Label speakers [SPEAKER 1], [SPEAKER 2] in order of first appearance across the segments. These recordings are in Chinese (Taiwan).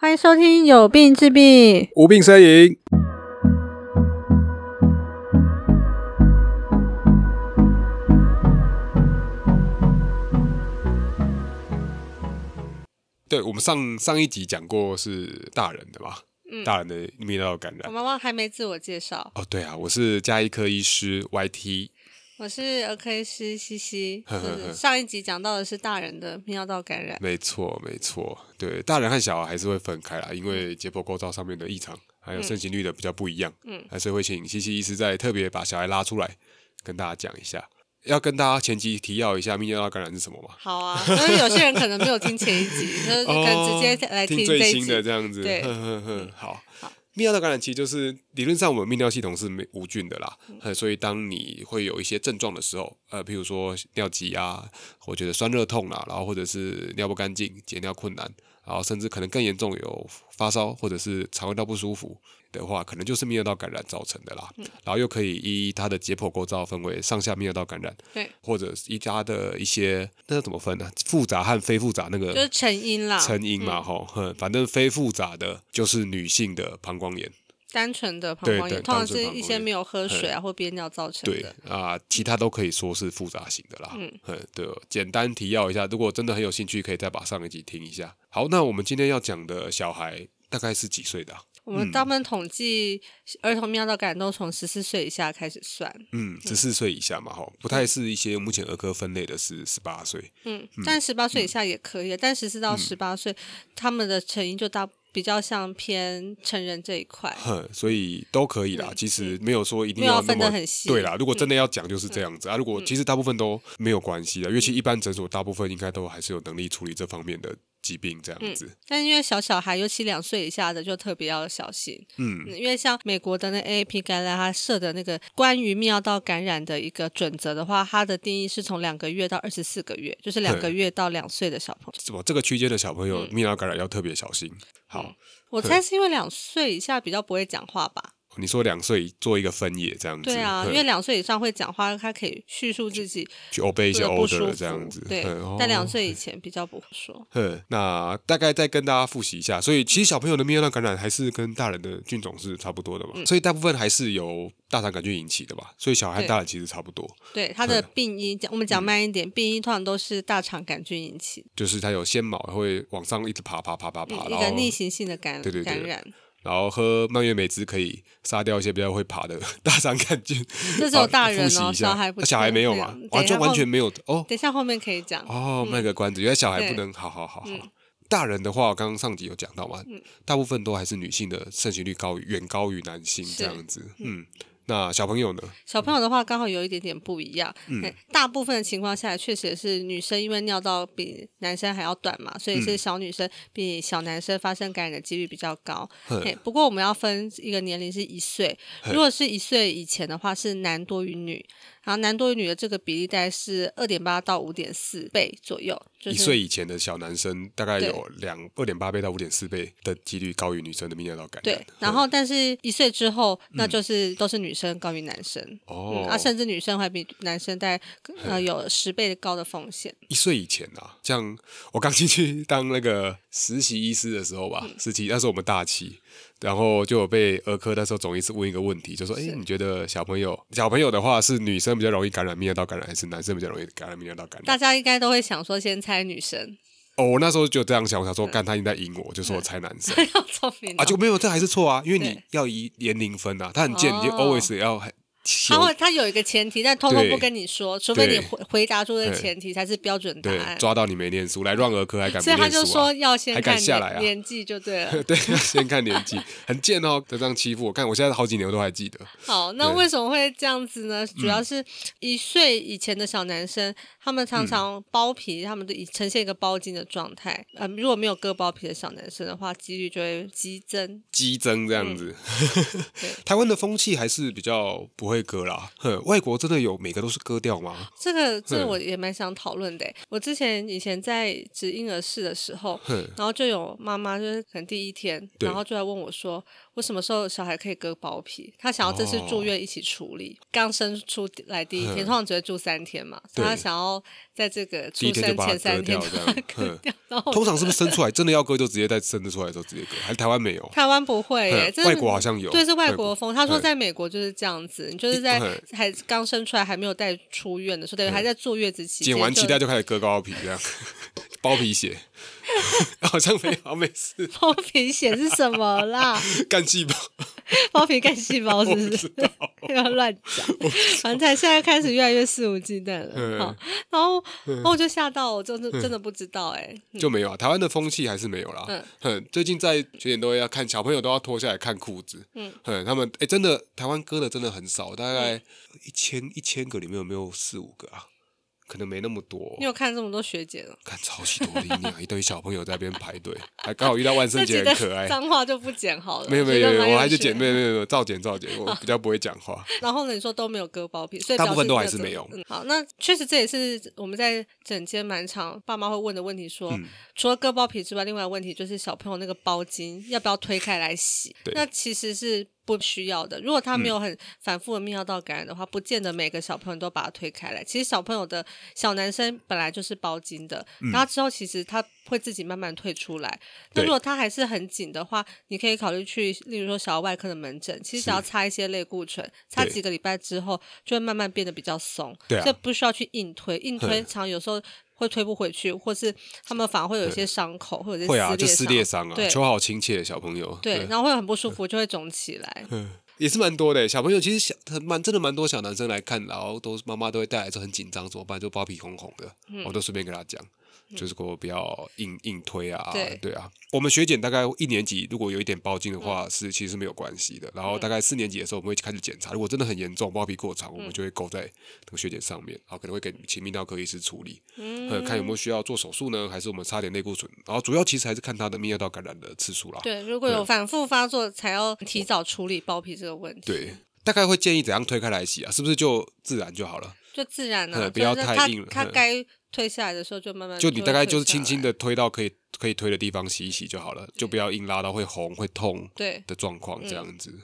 [SPEAKER 1] 歡迎收聽《有病治病，
[SPEAKER 2] 無病呻吟》。對我們上上一集講過是大人的吧？嗯，大人的泌尿道感染。我
[SPEAKER 1] 媽媽還沒自我介紹
[SPEAKER 2] 哦，對啊，我是家醫科醫師 YT。
[SPEAKER 1] 我是 OK 師西西，就是、上一集講到的是大人的泌尿道感染，呵呵呵
[SPEAKER 2] 沒錯沒錯，對，大人和小孩還是會分開來，因為解剖構造上面的異常，還有盛行率的比較不一樣，嗯，還、啊、是會請西西醫師再特別把小孩拉出來跟大家講一下，要跟大家前期提要一下泌尿道感染是什麼嘛？好啊，因為有些人可能沒有聽前一集， 就更直接來聽、聽最新的這樣子，對，對呵呵好。好泌尿道感染其實就是理論上，我們泌尿系統是無菌的啦，嗯嗯、所以當你會有一些症狀的時候，呃，譬如說尿急啊，我覺得酸熱痛啊，然後或者是尿不乾淨、解尿困難，然後甚至可能更嚴重有發燒或者是腸胃道不舒服。的話，可能就是泌尿道感染造成的啦、嗯。然後又可以依它的解剖構造分為上下泌尿道感染。對。或者一家的一些那要怎麼分呢、啊？複雜和非複雜那個。就是
[SPEAKER 1] 成因啦。成因嘛，
[SPEAKER 2] 吼、嗯嗯，反正非複雜的就是女性的膀胱炎。
[SPEAKER 1] 單純的膀胱炎，對對，通常是一些沒有喝水啊、嗯、或憋尿造成的。對
[SPEAKER 2] 啊，其他都可以說是複雜型的啦。嗯。很、嗯嗯、簡單提要一下。如果真的很有興趣，可以再把上一集聽一下。好，那我們今天要講的小孩大概是幾歲的、啊？我們大
[SPEAKER 1] 部分統計兒童尿道感染從十四歲以下開始算，
[SPEAKER 2] 嗯，十四歲以下嘛，哈、嗯，不太是一些目前兒科分類的是十八歲，嗯，但
[SPEAKER 1] 十八歲以下也可以，嗯、但十四到十八歲他們的成因就大比較像偏成人這一塊，
[SPEAKER 2] 哼，所以都可以啦、嗯。其實沒有說一定要那麼要分得很細，對啦，如果真的要講就是這樣子、嗯、啊。如果其實大部分都沒有關係的，尤、嗯、其一般診所大部分應該都還是有能力處理這方面的。疾病這樣子、
[SPEAKER 1] 嗯，但因為小小孩，尤其兩歲以下的就特別要小心嗯。嗯，因為像美國的那 AAP guideline，它設的那個關於泌尿道感染的一個準則的話，它的定義是從兩個月到二十四個月，就是兩個月到兩歲的小朋友，
[SPEAKER 2] 是麼這個區間的小朋友泌尿、嗯、感染要特別小心。好，嗯、我猜是
[SPEAKER 1] 因為兩歲以下比較不會講話吧。
[SPEAKER 2] 你說兩歲做一個分野這樣子，對啊，因為
[SPEAKER 1] 兩歲以上會講話，他可以敘述自己去，
[SPEAKER 2] 去 obey 一些 order 這樣子，對、嗯。但兩
[SPEAKER 1] 歲以前比較不會說。
[SPEAKER 2] 哦、嗯，那大概再跟大家複習一下，所以其實小朋友的泌尿道感染還是跟大人的菌種是差不多的嘛，嗯、所以大部分還是由大腸桿菌引起的吧。所以小孩和大人其實差不多。
[SPEAKER 1] 對，嗯、他的病因講，我們講慢一點，嗯、病因通常都是大腸桿菌引起。
[SPEAKER 2] 就是他有纖毛，會往上一直爬，爬爬爬爬爬，一個逆
[SPEAKER 1] 行性的感染，對對對，感染。
[SPEAKER 2] 然後喝蔓越莓汁可以殺掉一些比較會爬的大腸桿菌。這是有大人哦，傷 不小。孩、啊。小孩沒有嘛？完全完全沒有哦。等
[SPEAKER 1] 下後面可以講。哦，賣、嗯、
[SPEAKER 2] 個關子，因為小孩不能。好好好好。嗯、大人的話，我剛剛上集有講到嘛、嗯，大部分都還是女性的盛行率高於遠高於男性這樣子。嗯。嗯那小朋友呢？
[SPEAKER 1] 小朋友的話，剛好有一點點不一樣。嗯、大部分的情況下，確實是女生因為尿道比男生還要短嘛，所以是小女生比小男生發生感染的幾率比較高。嗯、不過我們要分一個年齡是一歲，如果是一歲以前的話，是男多於女。然後男多女的這個比例大概是二點八到五點四倍左右，就是。一歲
[SPEAKER 2] 以前的小男生大概有兩二點八倍到五點四倍的幾率高於女生的泌尿道感對，
[SPEAKER 1] 然後但是一歲之後，那就是都是女生高於男生哦，嗯嗯。啊，甚至女生還比男生大概呃有十倍的高的風險。
[SPEAKER 2] 一歲以前啊，像我剛進去當那個實習醫師的時候吧，嗯、實習那是我們大氣然後就有被兒科那時候總醫師問一個問題，就說：“哎，你覺得小朋友小朋友的話是女生比較容易感染泌尿道感染，還是男生比較容易感染泌
[SPEAKER 1] 尿道感染？”大家應該都會想說先猜女生。
[SPEAKER 2] 哦，我那時候就這樣想，我想說，幹他應該在贏我，就說我猜男
[SPEAKER 1] 生，要聰明啊，就
[SPEAKER 2] 沒有，這還是錯啊，因為你要以年齡分啊，他很賤、哦，你就 always 要很。他會，
[SPEAKER 1] 他有一個前提，但通通不跟你說，除非你回回答出的前提才是標準答案。對，抓
[SPEAKER 2] 到你沒念書來亂兒科還敢、啊？所以他就說要先看年
[SPEAKER 1] 紀、啊、就對了。
[SPEAKER 2] 對，先看年紀，很賤哦，就這樣欺負我。看我現在好幾年我都還記得。
[SPEAKER 1] 好，那為什麼會這樣子呢？嗯、主要是一歲以前的小男生，他們常常包皮，嗯、他們都呈現一個包莖的狀態。嗯、呃，如果沒有割包皮的小男生的話，幾率就會激增。
[SPEAKER 2] 激增這樣子。嗯、 台灣的風氣還是比較不。不會割啦，外國真的有每個都是割掉嗎？這
[SPEAKER 1] 個，這個、我也蠻想討論的。我之前以前在值嬰兒室的時候，然後就有媽媽就是可能第一天，然後就在問我說。什麼時候小孩可以割包皮？他想要這次住院一起處理。剛、哦、生出來第一天，通常只會住三天嘛。所以他想要在這個出生前三天，天就把它割掉，然後通常是不是生出來
[SPEAKER 2] 真的要割就直接在生的出來就直接割？還是台灣沒有？台
[SPEAKER 1] 灣不會耶這，外國好像有。對，是外國風。他說在美國就是這樣子，你就是在還剛生出來還沒有帶出院的時候，對，還在坐月子期，剪完臍帶
[SPEAKER 2] 就開始割包皮 包皮，這樣包皮鞋。 好像沒有、啊，沒事。
[SPEAKER 1] 包皮顯是什麼啦？
[SPEAKER 2] 幹 細幹細胞
[SPEAKER 1] 包皮幹細胞是不是？不要亂講，反正 現在開始越來越肆無忌憚了、嗯。然後，我、嗯哦、就嚇到我，就，就、嗯、真的不知道哎、欸。嗯、就沒
[SPEAKER 2] 有啊，台灣的風氣還是沒有啦。嗯，嗯，最近在學校都要看小朋友都要脫下來看褲子。嗯，嗯，他們哎、欸、真的台灣割的真的很少，大概、嗯、一千一千個裡面有沒有四五個啊？可能沒那麼多。你
[SPEAKER 1] 有看這麼多學姐了？看超級多
[SPEAKER 2] 的、啊、一堆小朋友在那邊排隊， 還剛好遇到萬聖節，很可愛。髒
[SPEAKER 1] 話就不剪，好了。 沒有沒有沒有，我還是剪，沒
[SPEAKER 2] 有沒有沒有，照剪照剪。我比較不會講話。
[SPEAKER 1] 然後呢，你說都沒有割包皮，所以大部分都還是沒有、嗯。好，那確實這也是我們在整間蠻常，爸媽會問的問題說，說、嗯、除了割包皮之外，另外的問題就是小朋友那個包莖要不要推開來洗？ 對，那其實是。不需要的。如果他沒有很反覆的泌尿道感染的話、嗯，不見得每個小朋友都把它推開來。其實小朋友的小男生本來就是包莖的、嗯，然後之後其實他會自己慢慢退出來、嗯。那如果他還是很緊的話，你可以考慮去，例如說小兒外科的門診，其實只要擦一些類固醇，擦幾個禮拜之後就會慢慢變得比較鬆。就這、啊、不需要去硬推，硬推常有時候。會推不回去，或是他們反而會有一些傷口，嗯、或者撕裂，會、啊、就撕裂傷啊。對，球
[SPEAKER 2] 好親切，小朋友。對，嗯、然後
[SPEAKER 1] 會很不舒服，嗯、就會腫起來、
[SPEAKER 2] 嗯。也是蠻多的，小朋友其實小蠻真的蠻多小男生來看，然後都媽媽都會帶來，就很緊張，怎麼辦？就包皮紅紅的，我都順便跟他講。嗯。就是給我不要硬硬推啊對，對啊。我們血檢大概一年級，如果有一點包莖的話，嗯、是其實是沒有關係的。然後大概四年級的時候，我們會開始檢查、嗯。如果真的很嚴重，包皮過長，我們就會勾在那個血檢上面，然、嗯、後可能會給請泌尿科醫師處理、嗯嗯，看有沒有需要做手術呢，還是我們擦點類固醇。然後主要其實還是看他的泌尿道感染的次數啦。對，
[SPEAKER 1] 如果有反覆發作、嗯，才要提早處理包皮這個問
[SPEAKER 2] 題。對，大概會建議怎樣推開來洗啊？是不是就自然就好了？
[SPEAKER 1] 就自然了，啊，不要太硬了，就是。它該推下來的時候就慢慢就。就你大概就是輕
[SPEAKER 2] 輕的推到可以可以推的地方，洗一洗就好了，就不要硬拉到會紅會痛的狀況這樣子。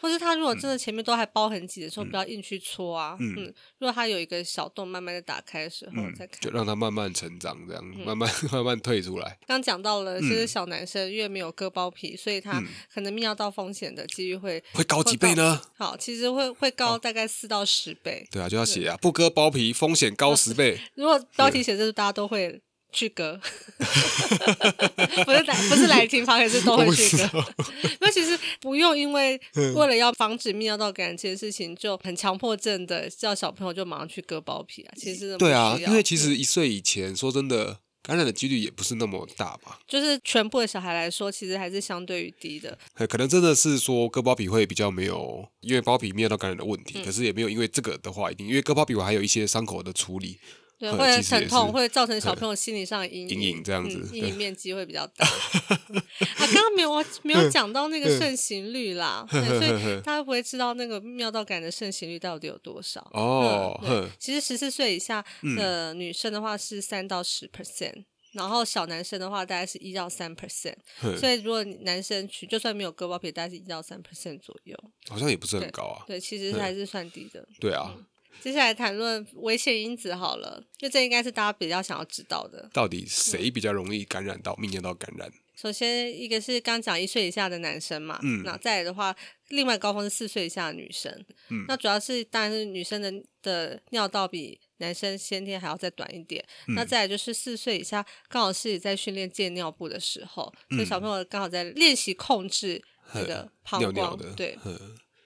[SPEAKER 2] 或
[SPEAKER 1] 者他如果真的前面都還包很緊的時候，不要硬去搓啊嗯。嗯，如果他有一個小洞，慢慢的打開的時候再，再、嗯、看就讓
[SPEAKER 2] 他慢慢成長這樣子、嗯，慢慢慢慢退出來。
[SPEAKER 1] 剛講到了，其實小男生越沒有割包皮，所以他可能泌尿道風險的幾率會、嗯、會高幾倍呢？好，其實會會高大概四到十倍、
[SPEAKER 2] 啊。對啊，就要寫啊，不割包皮風險高十倍、
[SPEAKER 1] 啊。如果標題寫的就是大家都會。去割 不是 不是來聽，反 而是，來 是都會去割。那 其實不用，因為為了要防止泌尿道感染的事情，就很強迫症的叫小朋友就馬上去割包皮啊。其實對啊，因為其
[SPEAKER 2] 實一歲以前，嗯、說真的，感染的幾率也不是那麼大吧。
[SPEAKER 1] 就是全部的小孩來說，其實還是相對於低的。
[SPEAKER 2] 可能真的是說割包皮會比較沒有，因為包皮泌尿道感染的問題，嗯、可是也沒有因為這個的話，一定因為割包皮我還有一些傷口的處理。對，或者很痛，會造成小朋友心理上的陰影，影這樣子，陰、嗯、影
[SPEAKER 1] 面積會比較大。 嗯、啊，剛剛沒有，沒有講到那個盛行率啦，嗯、對所以大家不會知道那個尿道感染的盛行率到底有多少哦、嗯對。其實十四歲以下的女生的話是三到十 percent，、嗯、然後小男生的話大概是一到三 percent，、嗯、所以如果男生去，就算沒有割包皮，大概是一到三 percent 左右，好像也不是很高啊。對，對其實還是算低的。嗯、對啊。接下來談論危險因子好了，因為這應該是大家比較想要知道的。
[SPEAKER 2] 到底誰比較容易感染到泌尿道感染？
[SPEAKER 1] 首先，一個是剛講一歲以下的男生嘛，嗯，那再來的話，另外高峰是四歲以下的女生，嗯，那主要是當然是女生的的尿道比男生先天還要再短一點，嗯，那再來就是四歲以下剛好是在訓練戒尿布的時候，嗯，所以小朋友剛好在練習控制那個膀胱尿尿，對，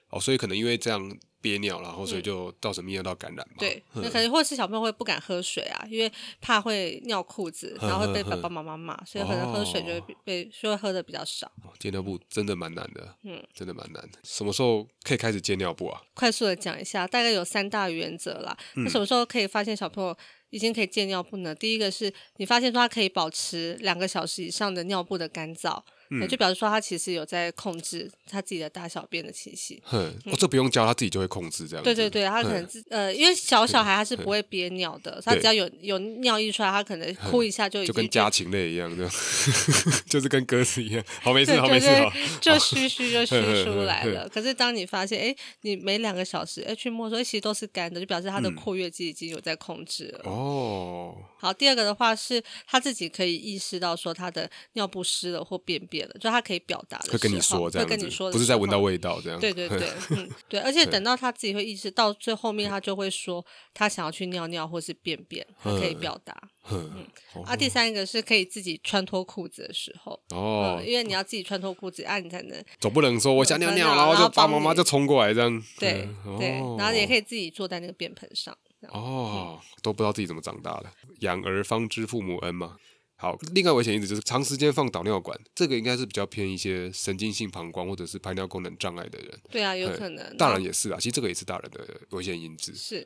[SPEAKER 2] 哦，所以可能因為這樣。憋尿，然後所以就造成泌尿道感染嘛、
[SPEAKER 1] 嗯。對，可能或是小朋友會不敢喝水啊，因為怕會尿褲子，然後會被爸爸媽媽罵，所以可能喝水就會被，哦、會被會喝的比較少。
[SPEAKER 2] 戒、哦、尿布真的蠻難的，嗯，真的蠻難的。什麼時候可以開始戒尿布啊、嗯？
[SPEAKER 1] 快速的講一下，大概有三大原則啦。嗯、那什麼時候可以發現小朋友已經可以戒尿布呢？第一個是你發現說他可以保持兩個小時以上的尿布的乾燥。嗯、就表示說他其實有在控制他自己的大小便的情形、
[SPEAKER 2] 嗯，哦，這不用教他自己就會控制這樣子。對對對，他可能
[SPEAKER 1] 呃，因為小小孩他是不會憋尿的，所以他只要有有，有尿意出來，他可能哭一下就已經。就跟家
[SPEAKER 2] 禽類一樣，就 就是跟鴿子一樣，好沒事，對對對好沒事好，就噓噓就噓出來了呵呵呵呵
[SPEAKER 1] 呵呵。可是當你發現，哎、欸，你每兩個小時哎，去摸說其實都是乾的，就表示他的括約肌已經有在控制了。
[SPEAKER 2] 哦、嗯，
[SPEAKER 1] 好，第二個的話是他自己可以意識到說他的尿布濕了或便、便。就他可以表達的時候會跟你說這樣，會跟你說的，不是在聞到味道這樣。對對對、 嗯，對。而且等到他自己會意識到，最後面他就會說他想要去尿尿或是便便，他、嗯、可以表達。嗯，
[SPEAKER 2] 嗯哦、啊，第
[SPEAKER 1] 三個是可以自己穿脫褲子的時候哦、嗯，因為你要自己穿脫褲子，哦啊、你才能
[SPEAKER 2] 總不能說我想尿尿、嗯、尿尿，然後就爸爸媽媽就衝過來這樣。你嗯、對對、哦，然後也
[SPEAKER 1] 可以自己坐在那個便盆上。
[SPEAKER 2] 哦，哦嗯、都不知道自己怎麼長大了，養兒方知父母恩嘛。好，另外一個危險因子就是長時間放導尿管，這個應該是比較偏一些神經性膀胱或者是排尿功能障礙的人。對啊，有可能。嗯、大人也是啊，其實這個也是大人的危險因子。是。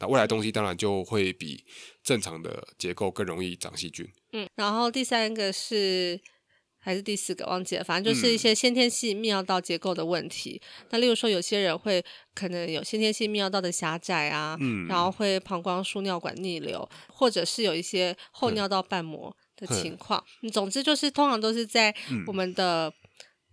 [SPEAKER 2] 那、嗯、未來的東西當然就會比正常的結構更容易長細菌。
[SPEAKER 1] 嗯。然後第三個是還是第四個忘記了，反正就是一些先天性泌尿道結構的問題、嗯。那例如說有些人會可能有先天性泌尿道的狹窄啊，嗯、然後會膀胱輸尿管逆流，或者是有一些後尿道瓣膜。嗯的情況，總之就是通常都是在我們的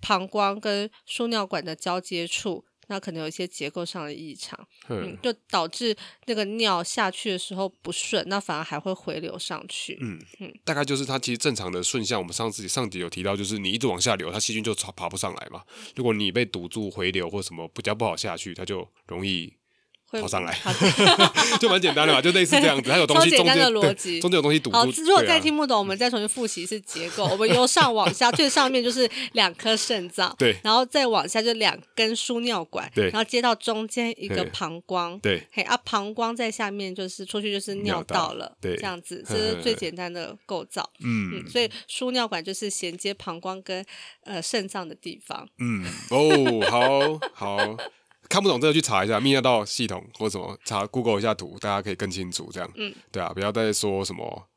[SPEAKER 1] 膀胱跟輸尿管的交接處，嗯，那可能有一些結構上的異
[SPEAKER 2] 常，嗯，就
[SPEAKER 1] 導致那個尿下去的時候不順，那反而還會回流上去。嗯
[SPEAKER 2] 嗯，大概就是它其實正常的順向，我們上次上集有提到，就是你一直往下流，它細菌就爬不上來嘛。如果你被堵住回流或什麼比較不好下去，它就容易。會跑上來，好對 就蠻簡單的嘛，就類似這樣子。還有東西中間的邏輯，中間有東西堵住。如果再聽
[SPEAKER 1] 不懂、啊，我們再重新複習一次結構。我們由上往下， 最上面就是兩顆腎臟，對，然後再往下就兩根輸尿管，對，然後接到中間一個膀胱，對，對啊，膀胱在下面就是出去就是尿道了尿道了，對，這樣子，這是最簡單的構造。嗯，嗯，所以輸尿管就是銜接膀胱跟呃腎臟的地方。
[SPEAKER 2] 嗯，哦，好好。 看不懂這個去查一下泌尿道系統或者什麼，查 Google 一下圖，大家可以更清楚。這樣，嗯、對啊，不要再說什麼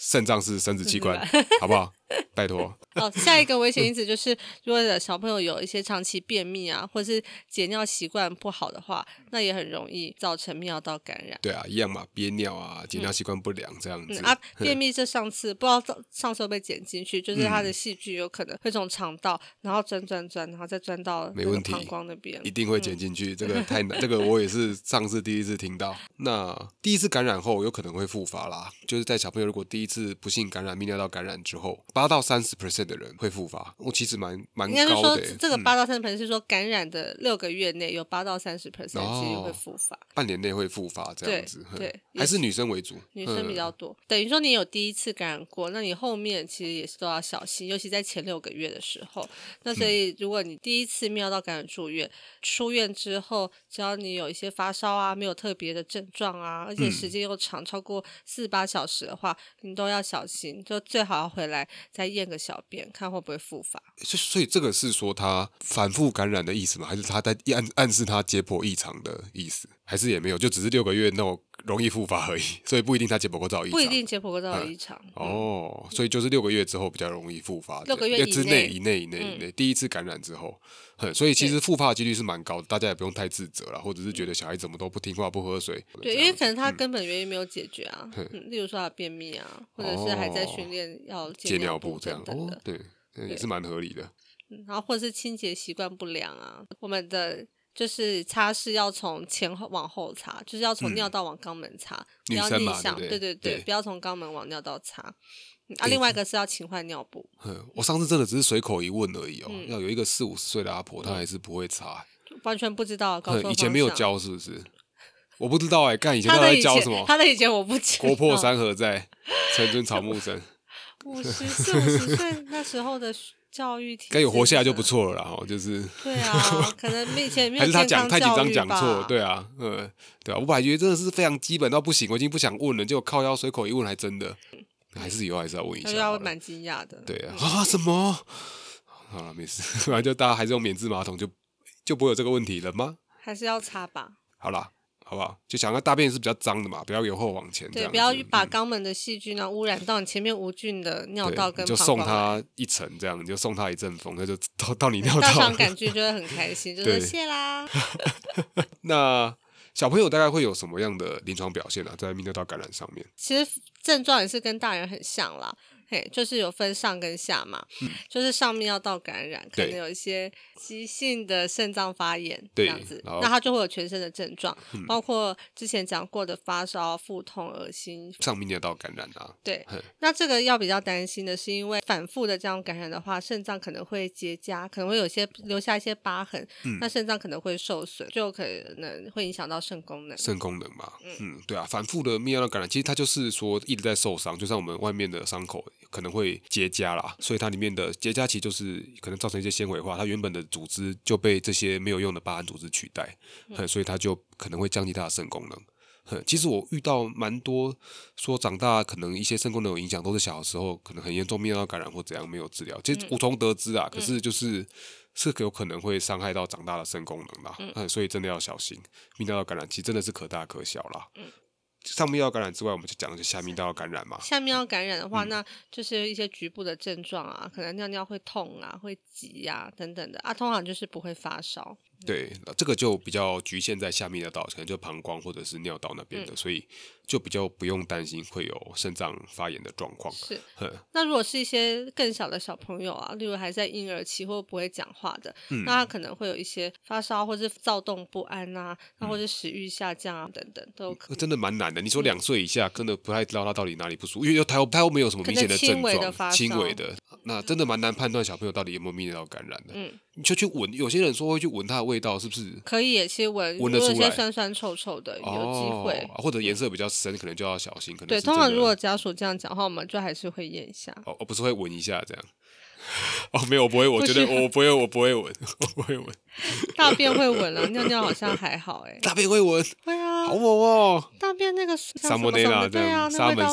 [SPEAKER 2] 腎臟是生殖器官，嗯、 好不好？拜託，
[SPEAKER 1] 好，下一個危險因子就是， 如果小朋友有一些長期便秘啊，或是解尿習慣不好的話，那也很容易造成尿道感染。
[SPEAKER 2] 對啊，一樣嘛，憋尿啊，解尿習慣不良這樣子。嗯嗯、啊， 便秘
[SPEAKER 1] 這上次不知道上次被剪進去，就是他的細菌有可能會從腸道，然後鑽鑽鑽，然後再鑽到膀胱那邊，一定會剪進
[SPEAKER 2] 去、嗯。這個太難，這個我也是上次第一次聽到。 那第一次感染後有可能會復發啦，就是在小朋友如果第一次不幸感染泌尿道感染之後。八到三十 percent 的人會復發。我、哦、其實蠻蠻高的應該是說、嗯。這個八
[SPEAKER 1] 到三十 percent 是說感染的六個月內有八到三十 percent 會復發、
[SPEAKER 2] 哦，半年內會復發這樣子。對、嗯，還是女生為主，女生比
[SPEAKER 1] 較多、嗯。等於說你有第一次感染過，那你後面其實也是都要小心，尤其在前六個月的時候。那所以如果你第一次尿道感染住院，嗯、出院之後只要你有一些發燒啊，沒有特別的症狀啊，而且時間又長、嗯、超過四十八小時的話，你都要小心，就最好要回來。再驗個小便，看會不會復發。
[SPEAKER 2] 所所以這個是說他反覆感染的意思嗎？還是他在暗暗示他解剖異常的意思？還是也沒有，就只是六個月那種容易復發而已，所以不一定他結構過早異常，不一定
[SPEAKER 1] 結構過早異常、嗯嗯、
[SPEAKER 2] 哦。所以就是六個月之後比較容易復發，六個月內之內以內以內以內、嗯，第一次感染之後，嗯、所以其實復發的幾率是蠻高的，大家也不用太自責了，或者是覺得小孩怎麼都不聽話、不喝水。對，因為可能他
[SPEAKER 1] 根本原因沒有解決啊，嗯嗯、例如說他便秘啊，或者是還在訓練要戒尿布這樣、哦對，
[SPEAKER 2] 對，也是蠻合理的。
[SPEAKER 1] 然後或者是清潔習慣不良啊，我們的。就是擦拭要從前後往後擦，就是要從尿道往肛門擦，嗯、不要逆向，對對對，對，對，不要從肛門往尿道擦。啊，另、欸嗯啊，另外一個是要勤換尿布。
[SPEAKER 2] 我上次真的只是隨口一問而已哦。嗯、要有一個四五十歲的阿婆、嗯，她還是不會擦，
[SPEAKER 1] 完全不知道。以前沒有教
[SPEAKER 2] 是不是？ 我不知道哎、欸，幹以前他在教什麼 他？他的以前我不教。 國破山河在，城春草木深。五 十四
[SPEAKER 1] 五十歲 那時候的。教育體，該有活下
[SPEAKER 2] 來就不錯了哈，就是。對、啊、 可能以前沒還是他講太緊張講錯，對啊、嗯，對啊，我本來覺得真的是非常基本到不行，我已經不想問了，結果靠腰隨口一問，還真的，還是以後還是要問一下。
[SPEAKER 1] 要我蠻驚訝的。對啊。啊？
[SPEAKER 2] 什麼？好了，沒事，反 正就大家還是用免治馬桶就，就就不會有這個問題了嗎？
[SPEAKER 1] 還是要擦吧。
[SPEAKER 2] 好了。好不好？就想要大便是比較髒的嘛，不要由後往前，對，不要
[SPEAKER 1] 把肛門的細菌呢污染到你前面無菌的尿道跟，跟就送他
[SPEAKER 2] 一程這樣，就送他一陣風，他就到，到你尿道。大腸桿
[SPEAKER 1] 菌就會很開心， 就說謝啦。
[SPEAKER 2] 那小朋友大概會有什麼樣的臨床表現呢、啊？在泌尿道感染上面，
[SPEAKER 1] 其實症狀也是跟大人很像啦。嘿，就是有分上跟下嘛，嗯、就是上面要到感染，可能有一些急性的腎臟發炎這樣子，對，那它就會有全身的症狀、嗯，包括之前講過的發燒、腹痛、噁心。
[SPEAKER 2] 上面也要到感染啊？對，
[SPEAKER 1] 那這個要比較擔心的是，因為反覆的這樣感染的話，腎臟可能會結痂，可能會有些留下一些疤痕，嗯、那腎臟可能會受損，就可能會影響到腎功能。腎
[SPEAKER 2] 功能嘛、嗯，嗯，對啊，反覆的泌尿道感染，其實它就是說一直在受傷，就像我們外面的傷口。可能會結痂啦，所以它裡面的結痂其實就是可能造成一些纖維化，它原本的組織就被這些沒有用的疤痕組織取代、嗯嗯，所以它就可能會降低它的腎功能、嗯。其實我遇到蠻多說長大可能一些腎功能有影響，都是小的時候可能很嚴重泌尿道感染或怎樣沒有治療，其實無從得知啊。嗯、可是就是是有可能會傷害到長大的腎功能啦，嗯嗯、所以真的要小心泌尿道感染，其實真的是可大可小啦。嗯上泌尿道感染之外，我們就講的是下泌尿道感染嘛。
[SPEAKER 1] 下泌尿道感染的話、嗯，那就是一些局部的症狀啊，嗯、可能尿尿會痛啊，會急呀、啊、等等的啊，通常就是不會發燒、嗯。
[SPEAKER 2] 對，這個就比較局限在下泌尿道，可能就膀胱或者是尿道那邊的，嗯、所以。就比較不用擔心會有腎臟發炎的狀況。是，
[SPEAKER 1] 那如果是一些更小的小朋友啊，例如還在嬰兒期或不會講話的、嗯，那他可能會有一些發燒或者躁動不安啊，那、嗯、或者食慾下降啊等等都有
[SPEAKER 2] 可能、嗯。真的蠻難的。你說兩歲以下、嗯，真的不太知道他到底哪裡不舒服，因為他又他又沒有什麼明顯的症狀，輕微，微的，那真的蠻難判斷小朋友到底有沒有泌尿道感染的。嗯。你就去聞，有些人說會去聞它的味道，是不是？可以也，聞聞得出來，有些酸
[SPEAKER 1] 酸臭臭的，有機會、
[SPEAKER 2] 哦，或者顏色比較深，可能就要小心。可能對，通常如
[SPEAKER 1] 果家屬這樣講話，我們就還是會驗一下。哦，
[SPEAKER 2] 不是會聞一下這樣。哦，沒有，我不會，我覺得不我，不我不會，我不會聞，我不會聞。
[SPEAKER 1] 大便會聞了，啊， 尿尿好像還好，欸，哎，大便會聞，會
[SPEAKER 2] 啊，好猛哦。
[SPEAKER 1] 大便那個沙門內對門、啊、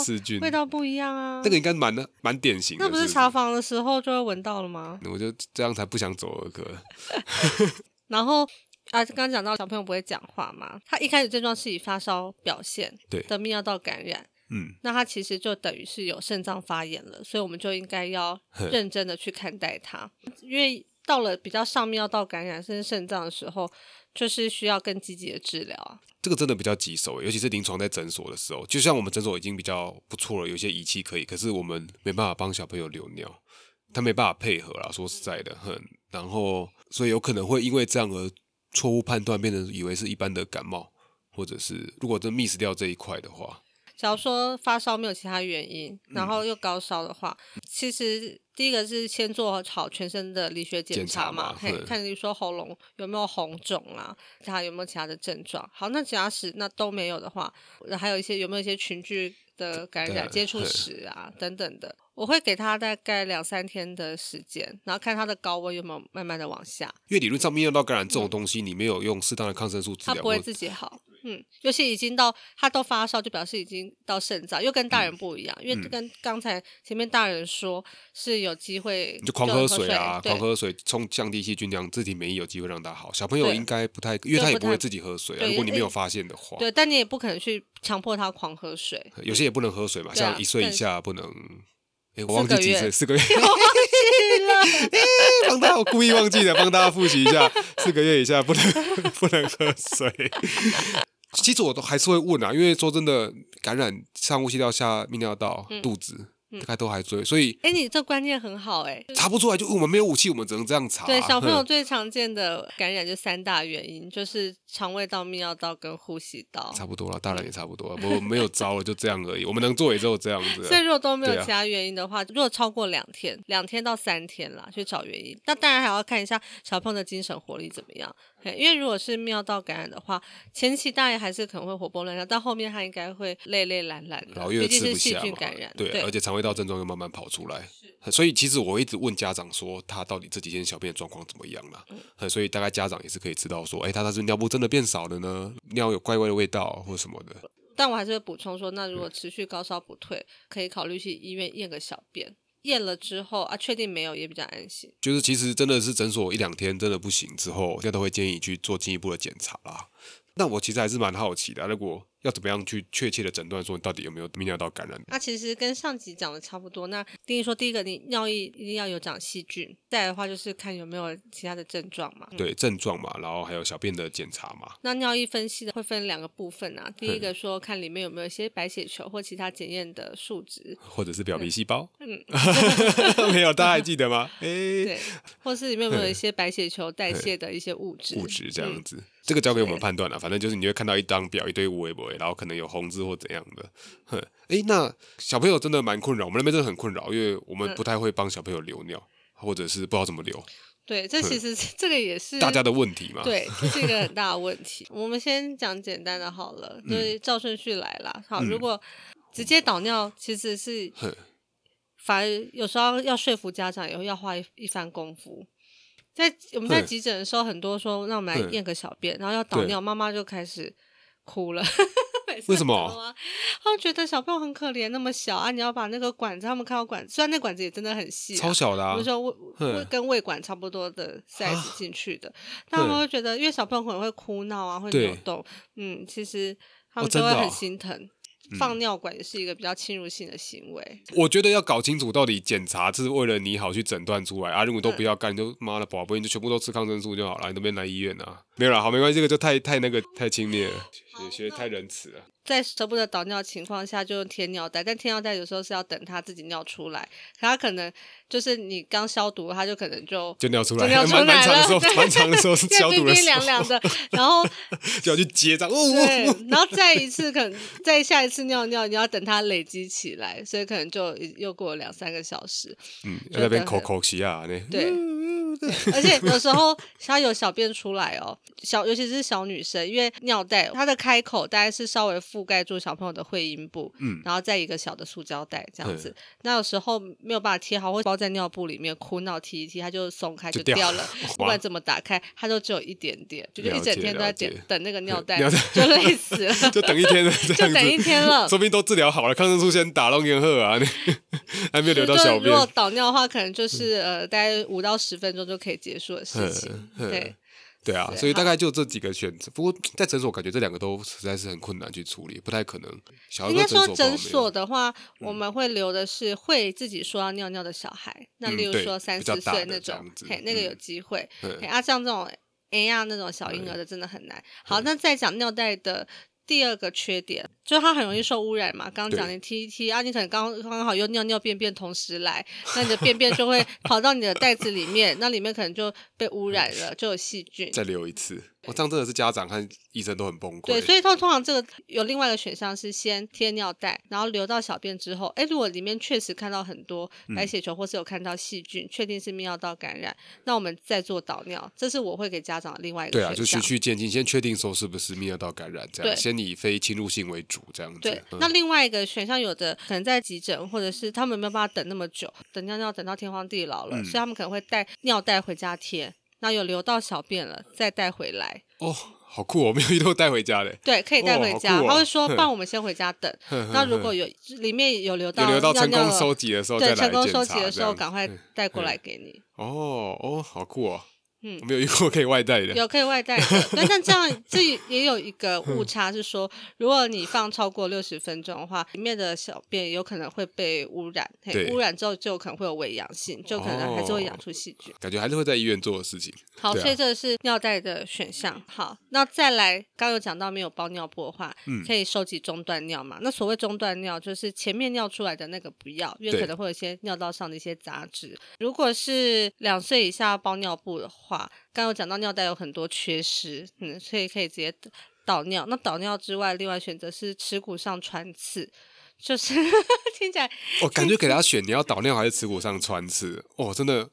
[SPEAKER 1] 氏菌那味，味道不一樣啊，那個應該
[SPEAKER 2] 蠻、蠻典型的。那不是查
[SPEAKER 1] 房的時候就要聞，聞到了
[SPEAKER 2] 嗎？我就這樣才不想走了科。
[SPEAKER 1] 然後啊，剛剛講到小朋友不會講話嘛，他一開始症狀是以發燒表現，對，得泌尿道感染。嗯，那他其實就等於是有腎臟發炎了，所以我們就應該要認真的去看待它，因為到了比較上面，尿道感染甚至腎臟的時候，就是需要更積極的治療
[SPEAKER 2] 啊。這個真的比較棘手，欸，尤其是臨床在診所的時候，就像我們診所已經比較不錯了，有些儀器可以，可是我們沒辦法幫小朋友留尿，他沒辦法配合啦。說實在的，哼，然後所以有可能會因為這樣而錯誤判斷，變成以為是一般的感冒，或者是如果這 miss 掉這一塊的話。
[SPEAKER 1] 假如說發燒沒有其他原因，嗯，然後又高燒的話，其實第一個是先做好全身的理學檢查嘛，查嘛，嘿，看看你說喉嚨有沒有紅腫啊，他有沒有其他的症狀。好，那假使那都沒有的話，還有一些有沒有一些群聚的感染接觸史啊等等的。我會給他大概兩三天的時間，然後看他的高溫有沒有慢慢的往下。因
[SPEAKER 2] 為理論上泌尿道感染這種東西、嗯，你沒有用適當的抗生素，他不會自
[SPEAKER 1] 己好。嗯，尤其已經到他都發燒，就表示已經到腎臟，又跟大人不一樣。嗯、因為跟剛才前面大人說是有機會就、啊，就狂喝水啊，狂喝
[SPEAKER 2] 水，沖降低細菌量，自己免疫有機會讓他好。小朋友應該不太，因為他也不會自己喝水啊。如果你沒有發現的話、欸，對，
[SPEAKER 1] 但你也不可能去強迫他狂喝水。
[SPEAKER 2] 嗯、有些也不能喝水嘛，啊、像一歲以下不能。哎，我忘記幾歲，四個月。忘記了哎，幫大家，我故意忘記的，幫大家複習一下， 四個月以下不能不能喝水。 其實我都還是會問啊，因為說真的，感染上呼吸道下泌尿道、嗯、肚子。大概都還追，所以，
[SPEAKER 1] 哎、欸，你這觀念很好，欸，哎，查不出來就
[SPEAKER 2] 我們沒有武器，我們只能這樣查。對小朋友最
[SPEAKER 1] 常見的感染就三大原因，就是腸胃道、泌尿道跟呼吸道，差不多
[SPEAKER 2] 了，當然也差不多了。不，沒有招了， 就這樣而已。我們能做也就這樣子。所以，如果都沒有其他
[SPEAKER 1] 原因的話，啊、如果超過兩天，兩天到三天啦，去找原因。那當然還要看一下小朋友的精神活力怎麼樣。因為如果是尿道感染的話，前期大概還是可能會活蹦亂跳，到後面他應該會累累懶懶的，然後又吃不下，畢竟是細菌感染。對，對而且
[SPEAKER 2] 腸胃道症狀又慢慢跑出來。所以其實我一直問家長說，他到底這幾天小便的狀況怎麼樣了？嗯？所以大概家長也是可以知道說，哎，他他是尿布真的變少了呢？尿有怪怪的味道或什麼的。
[SPEAKER 1] 但我還是會補充說，那如果持續高燒不退，嗯、可以考慮去醫院驗個小便。驗了之後啊，確定沒有也比較安心。
[SPEAKER 2] 就是其實真的是診所一兩天真的不行之後，應該都會建議你去做進一步的檢查啦。那我其實還是蠻好奇的啊，如果，要怎麼樣去確切的診斷說你到底有沒有泌尿道感染？它、
[SPEAKER 1] 啊、其實跟上集講的差不多。那定義說，第一個你尿液一定要有長細菌，再的話就是看有沒有其他的症狀嘛、嗯。對，
[SPEAKER 2] 症狀嘛，然後還有小便的檢查嘛。
[SPEAKER 1] 那尿液分析的會分兩個部分啊。第一個說看裡面有沒有一些白血球或其他檢驗的數值，
[SPEAKER 2] 或者是表皮細胞。嗯， 沒有，大家還記得嗎？哎、 欸，
[SPEAKER 1] 對，或是裡面有沒有一些白血球代謝的一些物質？物質這樣子，
[SPEAKER 2] 嗯、這個交給我們判斷了、啊。反正就是你會看到一張表，一堆烏龜不？然後可能有紅字或怎樣的，呵，哎，那小朋友真的蠻困擾，我們那邊真的很困擾，因為我們不太會幫小朋友留尿、嗯，或者是不知道怎麼留。對，這其實
[SPEAKER 1] 是這個也是大家的問題嘛，對，是 一個很大的問題。我們先講簡單的好了，嗯、就照、是、順序來啦。好、嗯，如果直接導尿其實是、
[SPEAKER 2] 嗯，
[SPEAKER 1] 反而有時候要說服家長，也會要花一,一番功夫。在我們在急診的時候，很多說讓、嗯、我們來驗個小便，嗯、然後要導尿，媽媽就開始。哭 了、啊，為什麼？他覺得小朋友很可憐，那麼小啊！你要把那個管子，他們看到管子，雖然那管子也真的很細、啊，超小的、啊，我說我跟胃管差不多的塞進、啊、去的。但我會覺得，因為小朋友可能會哭鬧啊，會扭動，嗯，其實他們都會很心疼、哦哦。放尿管也是一個比較侵入性的行
[SPEAKER 2] 為。我覺得要搞清楚到底檢查是為了你好去診斷出來啊！如果都不要幹、嗯，你就媽的寶貝，你就全部都吃抗生素就好了，你都沒來醫院啊？沒有了，好，沒關係，這個就太太那個太輕蔑了。 有些太仁慈了，
[SPEAKER 1] 在捨不得倒尿的情況下，就用貼尿袋。但貼尿袋有時候是要等它自己尿出來，它可能就是你剛消毒，它就可能就就尿出來，就尿出來了，滿、啊、長的時候，時候是消毒冰冰涼涼的，然後
[SPEAKER 2] 就要去結賬。哦哦對，然後再一
[SPEAKER 1] 次，可能 再下一次尿尿，你要等它累積起來，所以可能就又過了兩三個小時。
[SPEAKER 2] 嗯，在那邊口口氣啊，那對，
[SPEAKER 1] 而且有時候它有小便出來哦，小尤其是小女生，因為尿袋它的。開口大概是稍微覆蓋住小朋友的會陰部，嗯，然後在一個小的塑膠袋這樣子、嗯。那有時候沒有辦法貼好，會包在尿布裡面哭鬧踢一踢，它就鬆開就掉，就掉了。不管怎麼打開，它都只有一點點，了解了解，就一整天都在等等那個尿袋，就累死了， 就了，就等一天了，就等一天了，說
[SPEAKER 2] 不定都治療好了，抗生素先打，然後給你喝啊，你 還沒有流到小便。如果
[SPEAKER 1] 導尿的話，可能就是呃，大概五到十分鐘就可以結束的事情，嗯、對。嗯對
[SPEAKER 2] 對啊對，所以大概就這幾個選擇。不過在診所，我感覺這兩個都實在是很困難去處理，不太可能。應該說診所，診所
[SPEAKER 1] 的話，嗯，我們會留的是會自己說要尿尿的小孩。嗯、那例如說三四歲那種，嘿，那個有機會。嗯、嘿啊，像這種哎呀那種小嬰兒的，真的很難。嗯、好，那再講尿袋的第二個缺點。就是它很容易受污染嘛，剛剛講的 T T 啊，你可能剛剛好又尿尿便便同時來，那你的便便就會跑到你的袋子裡面， 那裡面可能就被污染了，嗯、就有細菌。再
[SPEAKER 2] 留一次，我、哦，這樣真的是家長和醫生都很崩潰。對，所以通
[SPEAKER 1] 通常這個有另外一個選項是先貼尿袋，然後留到小便之後，哎，如果裡面確實看到很多白血球，或是有看到細菌，嗯、確定是泌尿道感染，那我們再做導尿。這是我會給家長的另外一個選項。對啊，就循序
[SPEAKER 2] 漸進，先確定說是不是泌尿道感染，這樣，對，先以非侵入性為主。對、嗯、那另
[SPEAKER 1] 外一個選項，有的可能在急診，或者是他們沒有辦法等那麼久，等尿尿等到天荒地老了、嗯，所以他們可能會帶尿袋回家貼。那有留到小便了，再帶回來。
[SPEAKER 2] 哦，好酷哦！沒有一路帶回家的，對，可以帶回家、哦哦。他會說：“幫我
[SPEAKER 1] 們先回家等。哼哼”那如果有裡面有留到哼哼尿成功收集、集的時候，對，成功收集的時候趕快帶過來給你。
[SPEAKER 2] 哦哦，好酷哦！嗯，沒有一塊可以外帶的，有
[SPEAKER 1] 可以外帶的。那 但像這樣，這也有一個誤差，是說， 如果你放超過六十分鐘的話，裡面的小便有可能會被污染。對，嘿污染之後就可能會有偽陽性，就可能還是會養出細菌。
[SPEAKER 2] 哦，感覺還是會在醫院做的事情。好，啊、所以這
[SPEAKER 1] 是尿袋的選項。好，那再來，剛有講到沒有包尿布的話，嗯、可以收集中段尿嘛？那所謂中段尿，就是前面尿出來的那個不要，因為可能會有一些尿道上的一些雜質。如果是兩歲以下包尿布的話，話剛有講到尿袋有很多缺失，嗯，所以可以直接導尿。那導尿之外，另外選擇是恥骨上穿刺，就是呵呵聽起來，
[SPEAKER 2] 我、哦、感覺給他選，你要導尿還是恥骨上穿刺？ 哦，真的，